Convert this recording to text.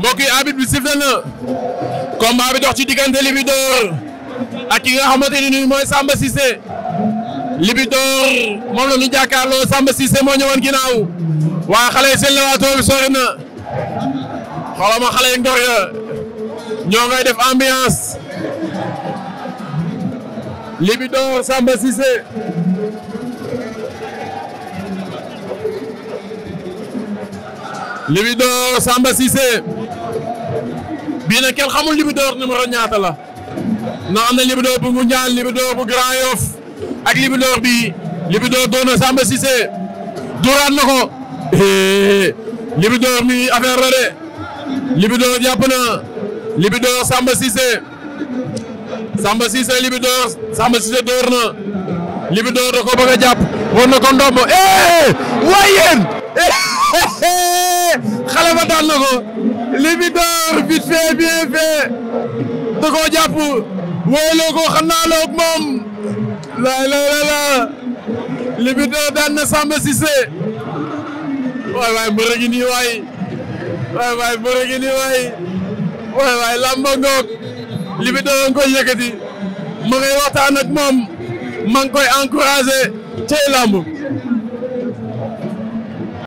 mbokk yi arbitre bi sifflé na combat dox ci diggante Libidor ak ki nga xamante ni mooy Samba Cissé Libidor moom la ñu jàkkaarloo Samba Cissé moo ñëwoon ginnaaw waa xale seen lewaatoo bi sori na xoolal ma xale ñoo ngay def ambiance Libidor Samba Cissé. bii nag kenn xamul Libidor numéro ñaata la ndax am na Libidor bu Ngoundiane Libidor bu Grand Yoff ak Libidor bi Libidor doon na Samba Cissé dóoraat na ko Libidor mi affaire la de Libidor jàpp na Libidor Samba Cissé Samba Cissé Libidor Samba Cissé dóor na Libidor da ko bëgg a jàpp woon na ko ndombo eh Fafa daan na ko Libidor vite fait bien fait da moom laay la la la na Samba Cissé waay waay mbër a ngi nii waay waay waay mbër a lamba ngoog Libidor nga koy yëkkati ma ngay moom ma ngi koy encouragé